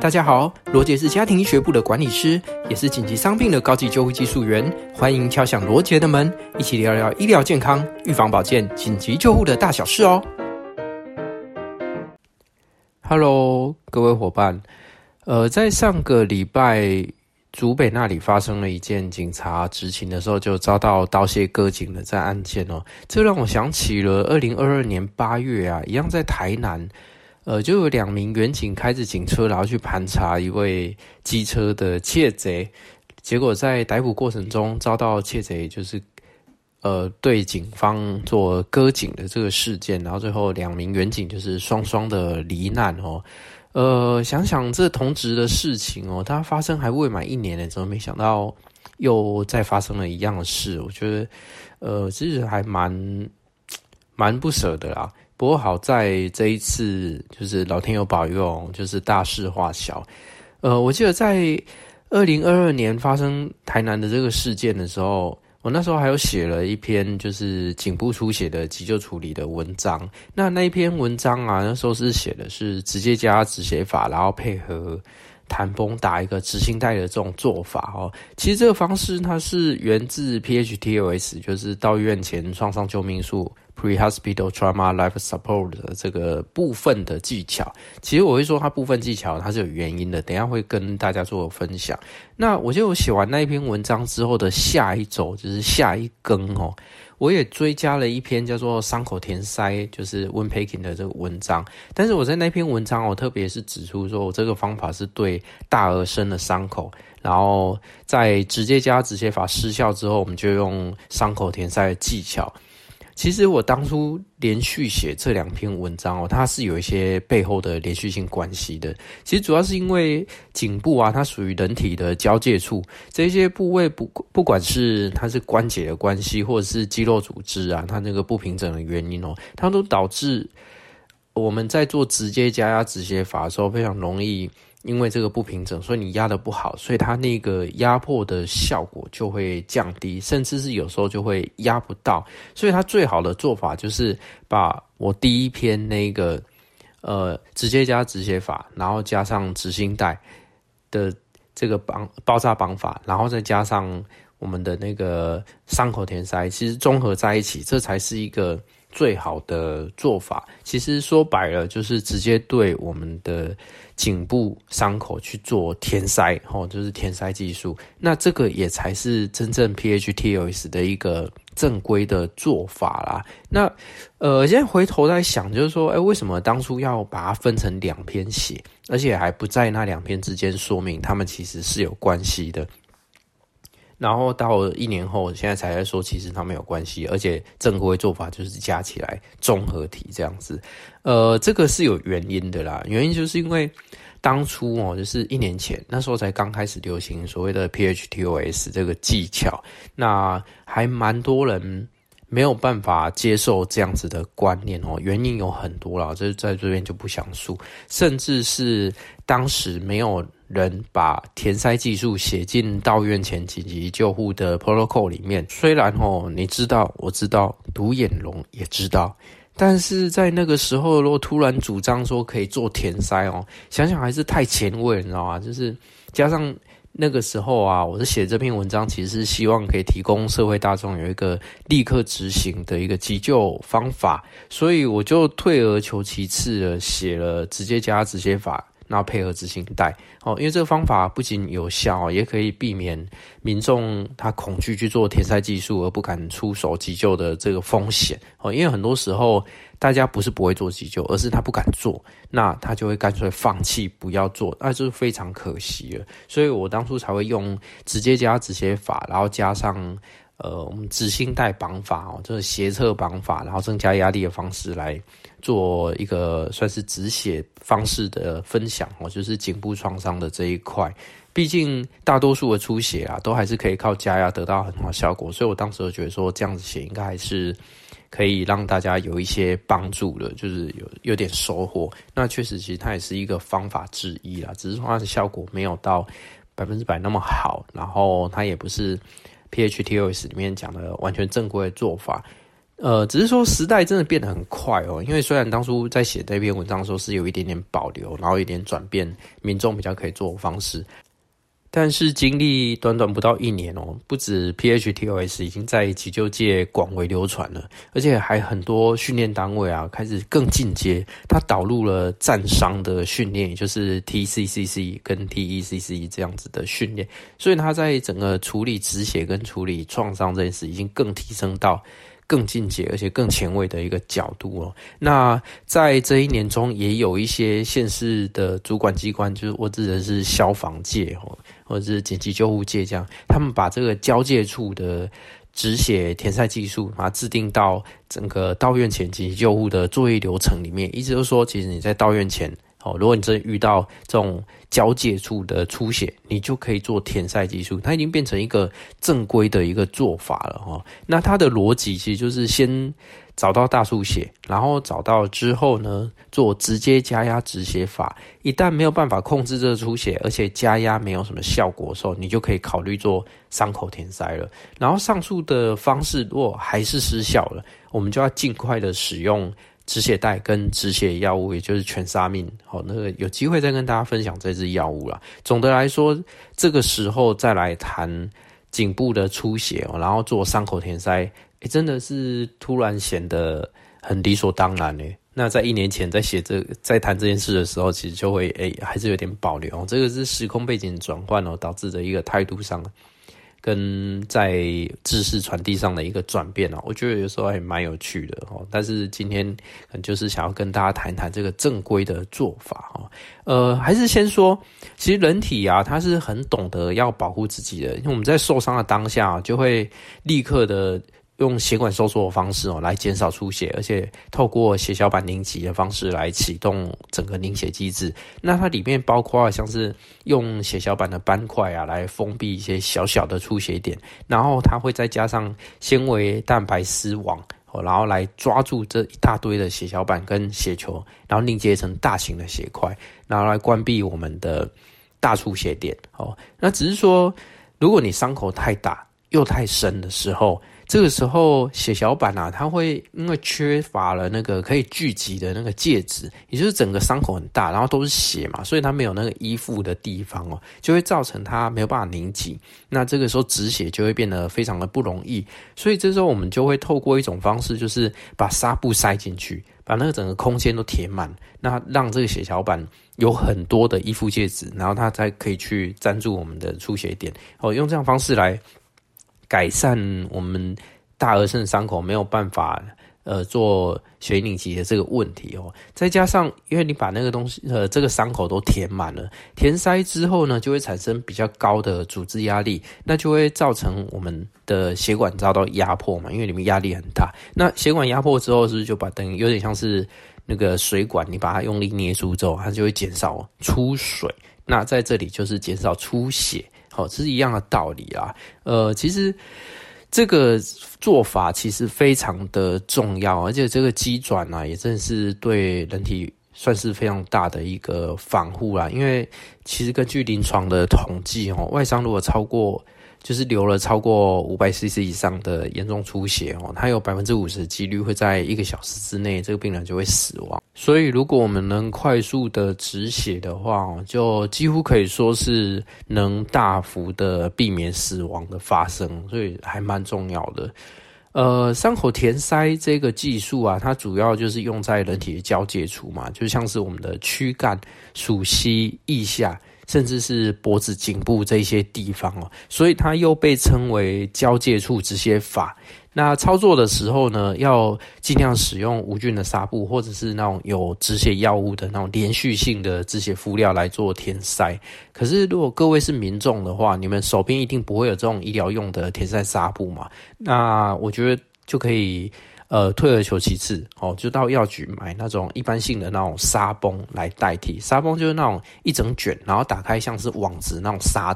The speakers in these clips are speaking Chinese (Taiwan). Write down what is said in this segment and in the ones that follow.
大家好，羅傑是家庭醫學部的管理師，也是緊急傷病的高級救護技術員。歡迎敲響羅傑的門，一起聊聊醫療健康、預防保健、緊急救護的大小事哦。Hello，各位夥伴，呃，在上個禮拜，竹北那裡發生了一件警察執勤的時候就遭到刀械割頸的這案件哦，這讓我想起了二零二二年八月啊，一樣在台南。呃，就有兩名員警開着警車，然後去盤查一位機車的竊賊，結果在逮捕過程中遭到竊賊，就是呃對警方做割頸的這個事件，然後最後兩名員警就是雙雙的罹難哦。呃，想想這同職的事情哦，它發生還未滿一年的怎麼沒想到又再發生了一樣的事？我覺得，呃，其實還蠻蠻不捨的啦。不過好在這一次，就是老天有保佑，就是大事化小。呃，我記得在二零二二年發生台南的這個事件的時候，我那時候還有寫了一篇就是頸部出血的急救處理的文章。那那一篇文章啊，那時候是寫的是直接加止血法，然後配合彈繃打一個止血帶的這種做法哦。其實這個方式它是源自 PHTLS，就是到醫院前創傷救命術。Pre-hospital trauma life support 的這個部分的技巧，其實我會說它部分技巧，它是有原因的。等一下會跟大家做個分享。那我就寫完那一篇文章之後的下一周，就是下一更哦，我也追加了一篇叫做“傷口填塞”，就是 Wound Packing 的這個文章。但是我在那篇文章，我特別是指出說，我這個方法是對大而深的傷口，然後在直接加止血法失效之後，我們就用傷口填塞的技巧。其實我當初連續寫這兩篇文章哦，它是有一些背後的連續性關係的。其實主要是因為頸部啊，它屬於人體的交界處，這些部位不，不管是它是關節的關係，或者是肌肉組織啊，它那個不平整的原因哦，它都導致我們在做直接加壓止血法的時候非常容易。因為這個不平整，所以你壓得不好，所以它那個壓迫的效果就會降低，甚至是有時候就會壓不到。所以它最好的做法就是把我第一篇那個呃直接加止血法，然後加上止血帶的這個綁包紮綁法，然後再加上我們的那個傷口填塞，其實綜合在一起，這才是一個。最好的做法，其實說白了就是直接對我們的頸部傷口去做填塞，哦，就是填塞技術。那這個也才是真正 PHTLS 的一個正規的做法啦。那呃，現在回頭再想，就是說，哎，為什麼當初要把它分成兩篇寫，而且還不在那兩篇之間說明他們其實是有關係的？然後到一年後，現在才來說，其實他沒有關係，而且正規做法就是加起來綜合體，這樣子。呃，這個是有原因的啦，原因就是因為當初哦，就是一年前那時候才剛開始流行所謂的 PHTOS 這個技巧，那還蠻多人沒有辦法接受這樣子的觀念哦。原因有很多啦，這在這邊就不詳述，甚至是當時沒有。人把填塞技術寫進到院前緊急救護的 protocol 裡面，雖然吼，你知道，我知道，獨眼龍也知道，但是在那個時候，如果突然主張說可以做填塞哦，想想還是太前衛，你知道嗎？就是加上那個時候啊，我是寫這篇文章，其實是希望可以提供社會大眾有一個立刻執行的一個急救方法，所以我就退而求其次的寫了直接加止血法。要配合止血帶，哦，因為這個方法不僅有效，也可以避免民眾他恐懼去做填塞技術而不敢出手急救的這個風險，哦，因為很多時候大家不是不會做急救，而是他不敢做，那他就會乾脆放棄不要做，那就非常可惜了。所以我當初才會用直接加止血法，然後加上。呃，我們止血帶綁法哦、喔，這個斜側綁法，然後增加壓力的方式來做一個算是止血方式的分享哦、喔，就是頸部創傷的這一塊。畢竟大多數的出血啊，都還是可以靠加壓得到很好效果，所以我當時我覺得說這樣子寫應該還是可以讓大家有一些幫助的，就是有，有點收穫。那確實，其實它也是一個方法之一啦，只是說它的效果沒有到百分之百那麼好，然後它也不是。PHTLS 裡面講的完全正規的做法，呃，只是說時代真的變得很快哦。因為雖然當初在寫這篇文章的時候是有一點點保留，然後一點轉變，民眾比較可以做的方式。但是經歷短短不到一年哦、喔，不只 PHTLS 已經在急救界廣為流傳了，而且還很多訓練單位啊開始更進階，它導入了戰傷的訓練，也就是 TCCC 跟 TECC 這樣子的訓練，所以它在整個處理止血跟處理創傷這件事已經更提升到。更進階而且更前衛的一個角度喔。那在這一年中，也有一些縣市的主管機關，就是我指的是消防界喔，或者是緊急救護界這樣，他們把這個交界處的止血填塞技術，把它制定到整個到院前緊急救護的作業流程裡面。一直都說，其實你在到院前。哦，如果你真的遇到這種交界處的出血，你就可以做填塞技術。它已經變成一個正規的一個做法了哈。那它的邏輯其實就是先找到大出血，然後找到之後呢，做直接加壓止血法。一旦沒有辦法控制這個出血，而且加壓沒有什麼效果的時候，你就可以考慮做傷口填塞了。然後上述的方式如果還是失效了，我們就要盡快的使用。止血帶跟止血藥物，也就是全殺命，好，那個有機會再跟大家分享這支藥物啦。總的來說，這個時候再來談頸部的出血，然後做傷口填塞，欸，真的是突然顯得很理所當然欸。那在一年前在寫這個，在寫這，在談這件事的時候，其實就會哎，欸，還是有點保留。這個是時空背景轉換哦，導致的一個態度上跟在知識傳遞上的一個轉變啊，我覺得有時候還蠻有趣的喔，但是今天可能就是想要跟大家談談這個正規的做法喔，呃，還是先說，其實人體啊，它是很懂得要保護自己的，因為我們在受傷的當下啊，就會立刻的。用血管收縮的方式喔，來減少出血，而且透過血小板凝集的方式來啟動整個凝血機制。那它裡面包括像是用血小板的斑塊啊，來封閉一些小小的出血點，然後它會再加上纖維蛋白絲網哦，然後來抓住這一大堆的血小板跟血球，然後凝結成大型的血塊，然後來關閉我們的大出血點哦。那只是說，如果你傷口太大又太深的時候，這個時候，血小板啊，它會因為缺乏了那個可以聚集的那個介質，也就是整個傷口很大，然後都是血嘛，所以它沒有那個依附的地方哦，就會造成它沒有辦法凝集。那這個時候止血就會變得非常的不容易，所以這時候我們就會透過一種方式，就是把紗布塞進去，把那個整個空間都填滿，那讓這個血小板有很多的依附介質，然後它才可以去粘住我們的出血點哦，用這樣方式來。改善我們大而深的傷口沒有辦法，呃，做血凝集的這個問題哦。再加上，因為你把那個東西，呃，這個傷口都填滿了，填塞之後呢，就會產生比較高的組織壓力，那就會造成我們的血管遭到壓迫嘛。因為裡面壓力很大，那血管壓迫之後，是不是就把等於有點像是那個水管，你把它用力捏住之後，它就會減少出水。那在這裡就是減少出血。好，這是一樣的道理啦。呃，其實這個做法其實非常的重要，而且這個機轉啊，也正是對人體算是非常大的一個防護啦。因為其實根據臨床的統計哦，外傷如果超過。就是流了超過五百 cc 以上的嚴重出血哦，它有百分之五十幾率會在一個小時之內，這個病人就會死亡。所以，如果我們能快速的止血的話，就幾乎可以說是能大幅的避免死亡的發生，所以還蠻重要的。呃，傷口填塞這個技術啊，它主要就是用在人體的交界處嘛，就像是我們的軀幹、鼠蹊、腋下。甚至是脖子、頸部這些地方哦、啊，所以它又被稱為交界處止血法。那操作的時候呢，要盡量使用無菌的紗布，或者是那種有止血藥物的那種連續性的止血敷料來做填塞。可是，如果各位是民眾的話，你們手邊一定不會有這種醫療用的填塞紗布嘛。那我覺得就可以。呃，退而求其次，哦，就到藥局買那種一般性的那種紗繃來代替。紗繃就是那種一整卷，然後打開像是網子那種紗，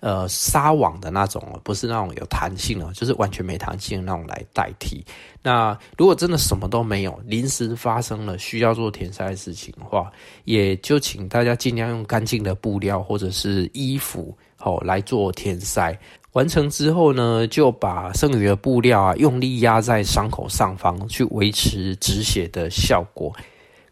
呃，紗網的那種，不是那種有彈性的，就是完全沒彈性的那種來代替。那如果真的什麼都沒有，臨時發生了需要做填塞的事情的話，也就請大家尽量用乾淨的布料或者是衣服，哦，來做填塞。完成之後呢，就把剩餘的布料啊，用力壓在傷口上方，去維持止血的效果。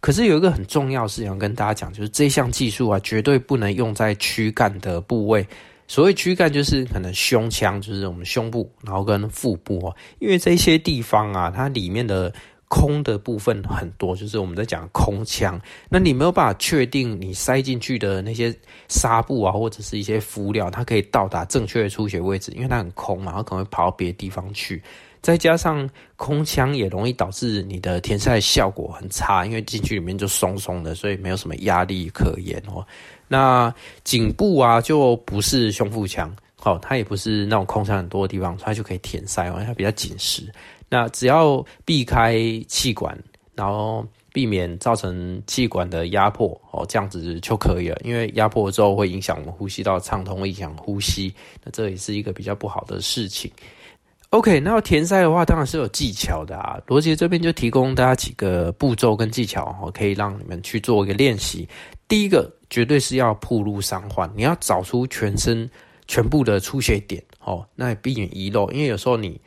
可是有一個很重要是想跟大家講，就是這項技術啊，絕對不能用在軀幹的部位。所謂軀幹，就是可能胸腔，就是我們胸部，然後跟腹部哦、啊，因為這些地方啊，它裡面的。空的部分很多，就是我們在講空腔，那你沒有辦法確定你塞進去的那些紗布啊，或者是一些敷料，它可以到達正確的出血位置，因為它很空嘛，它可能會跑到別的地方去。再加上空腔也容易導致你的填塞的效果很差，因為進去裡面就鬆鬆的，所以沒有什麼壓力可言哦。那頸部啊，就不是胸腹腔，哦，它也不是那種空腔很多的地方，它就可以填塞哦，因為它比較緊實。那只要避開氣管，然後避免造成氣管的壓迫哦，這樣子就可以了。因為壓迫之後會影響我們呼吸道暢通，影響呼吸，那這也是一個比較不好的事情。OK，那填塞的話當然是有技巧的啊。羅傑這邊就提供大家幾個步驟跟技巧哦，可以讓你們去做一個練習。第一個絕對是要曝露傷患，你要找出全身全部的出血點哦，那也避免遺漏，因為有時候你。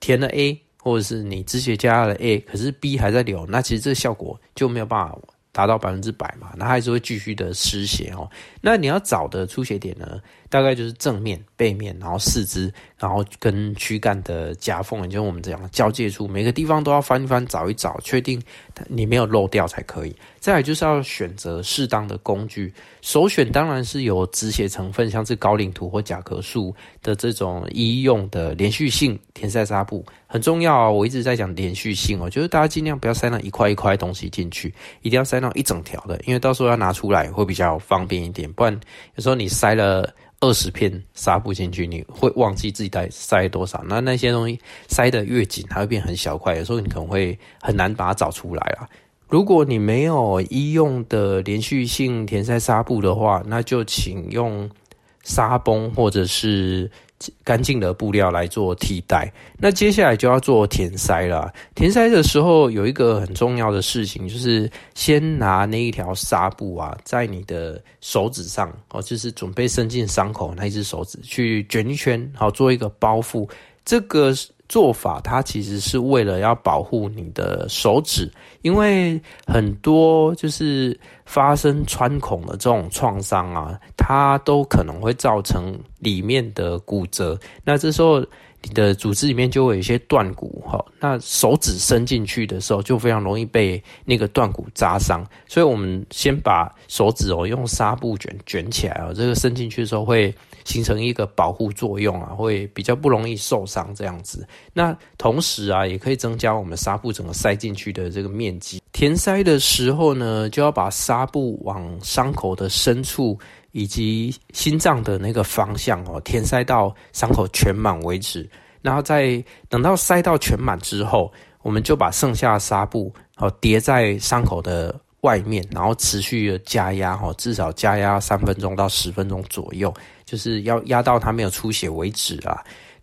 填了 A，或者是你止血加了 A，可是 B 還在流，那其實這個效果就沒有辦法達到百分之百嘛，那還是會繼續的失血哦、喔。那你要找的出血點呢，大概就是正面、背面，然後四肢。然後跟軀幹的夾縫，也就是我們這樣的交界處，每個地方都要翻一翻、找一找，確定你沒有漏掉才可以。再來就是要選擇適當的工具，首選當然是有止血成分，像是高嶺土或甲殼素的這種醫用的連續性填塞紗布，很重要啊。我一直在講連續性哦，就是大家儘量不要塞那一塊一塊東西進去，一定要塞到一整條的，因為到時候要拿出來會比較方便一點，不然有時候你塞了。二十片紗布進去，你會忘記自己帶塞多少，那那些東西塞得越緊，它會變很小塊，有時候你可能會很難把它找出來啊。如果你沒有醫用的連續性填塞紗布的話，那就請用紗繃或者是，乾淨的布料來做替代。那接下來就要做填塞了。填塞的時候有一個很重要的事情，就是先拿那一條紗布啊，在你的手指上哦，就是準備伸進傷口那一隻手指去捲一圈，好做一個包覆。這個做法，它其實是為了要保護你的手指，因為很多就是發生穿孔的這種創傷啊，它都可能會造成裡面的骨折。那這時候。你的組織裡面就會有一些斷骨，哈，那手指伸進去的時候就非常容易被那個斷骨扎傷，所以我們先把手指哦、喔、用紗布捲捲起來哦、喔、這個伸進去的時候會形成一個保護作用啊，會比較不容易受傷這樣子。那同時啊，也可以增加我們紗布整個塞進去的這個面積。填塞的時候呢，就要把紗布往傷口的深處。以及心臟的那個方向哦，填塞到傷口全滿為止。然後在等到塞到全滿之後，我們就把剩下的紗布哦疊在傷口的外面，然後持續加壓哦，至少加壓三分鐘到十分鐘左右，就是要壓到它沒有出血為止啊。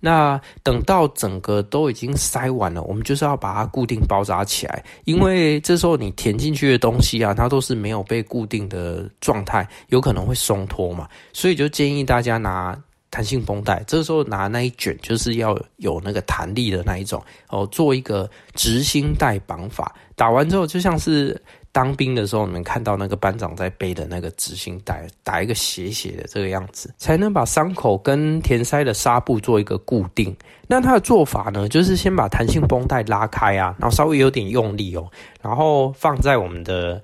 那等到整個都已經塞完了，我們就是要把它固定包紮起來，因為這時候你填進去的東西啊，它都是沒有被固定的狀態，有可能會鬆脫嘛，所以就建議大家拿彈性繃帶，這時候拿那一卷，就是要有那個彈力的那一種哦，做一個直心帶綁法，打完之後就像是。當兵的時候，你們看到那個班長在背的那個執行帶，打一個斜斜的這個樣子，才能把傷口跟填塞的紗布做一個固定。那他的做法呢，就是先把彈性繃帶拉開啊，然後稍微有點用力哦、喔，然後放在我們的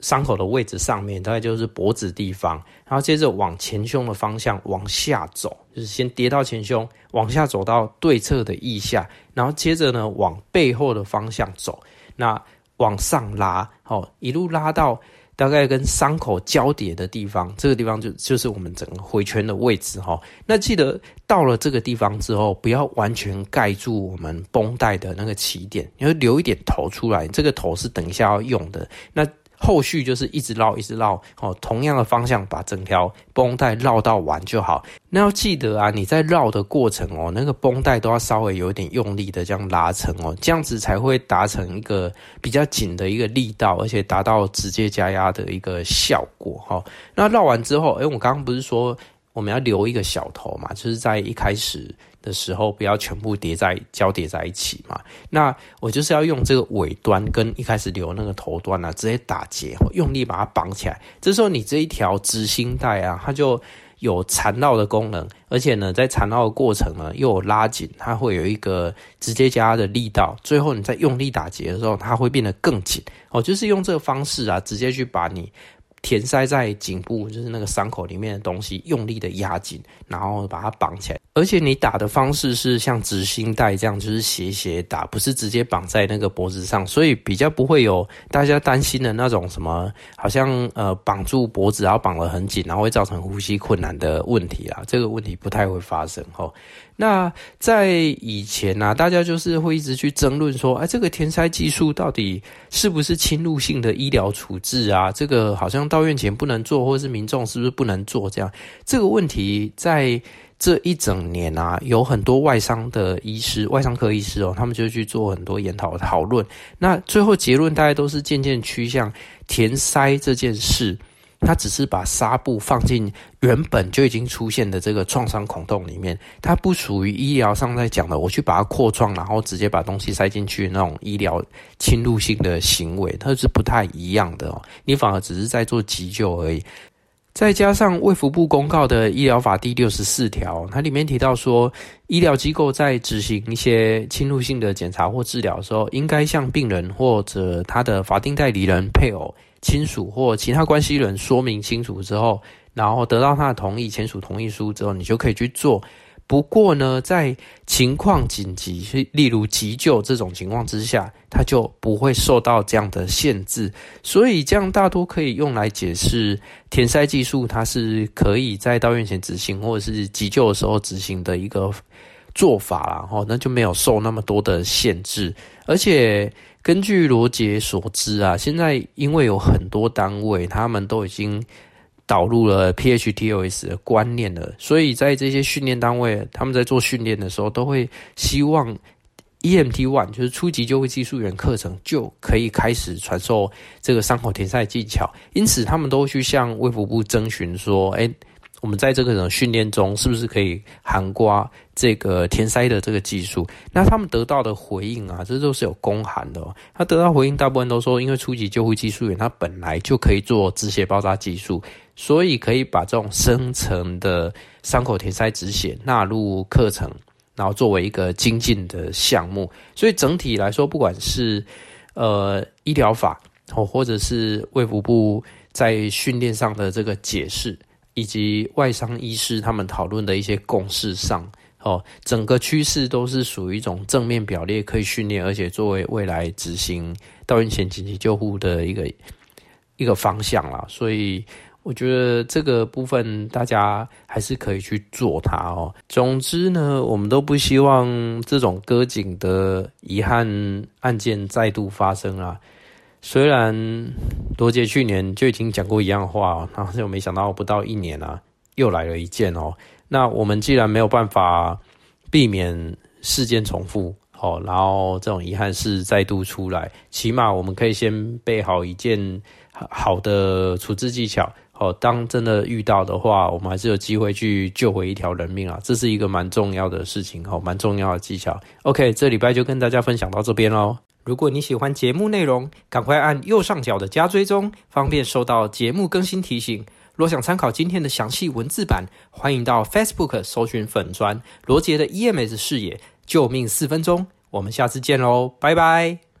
傷口的位置上面，大概就是脖子地方，然後接着往前胸的方向往下走，就是先跌到前胸，往下走到對側的腋下，然後接着呢往背後的方向走，那。往上拉，好，一路拉到大概跟傷口交疊的地方，這個地方就就是我們整個回圈的位置哈。那記得到了這個地方之後，不要完全蓋住我們繃帶的那個起點，你要留一點頭出來，這個頭是等一下要用的。那。後續就是一直繞，一直繞，哦，同樣的方向把整條繃帶繞到完就好。那要記得啊，你在繞的過程哦，那個繃帶都要稍微有一點用力的這樣拉成哦，這樣子才會達成一個比較緊的一個力道，而且達到直接加壓的一個效果哈。那繞完之後，哎，我剛剛不是說我們要留一個小頭嘛，就是在一開始。的時候不要全部疊在交疊在一起嘛，那我就是要用這個尾端跟一開始留那個頭端啊，直接打結，用力把它綁起來。這時候你這一條止血帶啊，它就有纏繞的功能，而且呢，在纏繞的過程呢，又有拉緊，它會有一個直接加它的力道。最後你在用力打結的時候，它會變得更緊。哦，就是用這個方式啊，直接去把你。填塞在頸部，就是那個傷口裡面的東西，用力的壓緊，然後把它綁起來。而且你打的方式是像止血帶這樣，就是斜斜打，不是直接綁在那個脖子上，所以比較不會有大家擔心的那種什麼，好像呃綁住脖子，然後綁得很緊，然後會造成呼吸困難的問題啦。這個問題不太會發生哈。齁那在以前啊，大家就是會一直去爭論說，哎，這個填塞技術到底是不是侵入性的醫療處置啊？這個好像到院前不能做，或者是民眾是不是不能做這樣？這個問題在這一整年啊，有很多外傷的醫師、外傷科醫師哦，他們就去做很多研討討論。那最後結論，大家都是漸漸趨向填塞這件事。他只是把紗布放進原本就已經出現的這個創傷孔洞裡面，它不屬於醫療上在講的，我去把它擴創，然後直接把東西塞進去那種醫療侵入性的行為，它就是不太一樣的哦。你反而只是在做急救而已。再加上衛福部公告的醫療法第六十四條，它裡面提到說，醫療機構在執行一些侵入性的檢查或治療的時候，應該向病人或者他的法定代理人、配偶。親屬或其他關係人說明清楚之後，然後得到他的同意，簽署同意書之後，你就可以去做。不過呢，在情況緊急，例如急救這種情況之下，他就不會受到這樣的限制。所以這樣大多可以用來解釋填塞技術，它是可以在到院前執行，或者是急救的時候執行的一個。做法啦，吼，那就沒有受那麼多的限制。而且根據羅傑所知啊，現在因為有很多單位他們都已經導入了 PHTLS 的觀念了，所以在這些訓練單位，他們在做訓練的時候，都會希望 EMT One 就是初級救護技術員課程就可以開始傳授這個傷口填塞技巧。因此，他們都去向衛福部徵詢說，哎、欸。我們在這個訓練中，是不是可以涵蓋這個填塞的這個技術？那他們得到的回應啊，這都是有公函的。他得到回應，大部分都說，因為初級救護技術員他本來就可以做止血包紮技術，所以可以把這種深層的傷口填塞止血納入課程，然後作為一個精進的項目。所以整體來說，不管是呃醫療法或者是衛福部在訓練上的這個解釋，以及外傷醫師他們討論的一些共識上，哦，整個趨勢都是屬於一種正面表列，可以訓練，而且作為未來執行到院前緊急救護的一個一個方向啦。所以我覺得這個部分大家還是可以去做它哦、喔。總之呢，我們都不希望這種割頸的遺憾案件再度發生啦。雖然羅傑去年就已經講過一樣話，然後就沒想到不到一年啊，又來了一件哦。那我們既然沒有辦法避免事件重複，哦，然後這種遺憾事再度出來，起碼我們可以先備好一件好好的處置技巧，哦，當真的遇到的話，我們還是有機會去救回一條人命啊，這是一個蠻重要的事情，蠻重要的技巧。OK，這禮拜就跟大家分享到這邊嘍。如果你喜歡節目內容，趕快按右上角的加追蹤，方便收到節目更新提醒。若想參考今天的詳細文字版，歡迎到 Facebook 搜尋粉專，羅傑的 EMS 視野，救命四分鐘。我們下次見嘍，拜拜。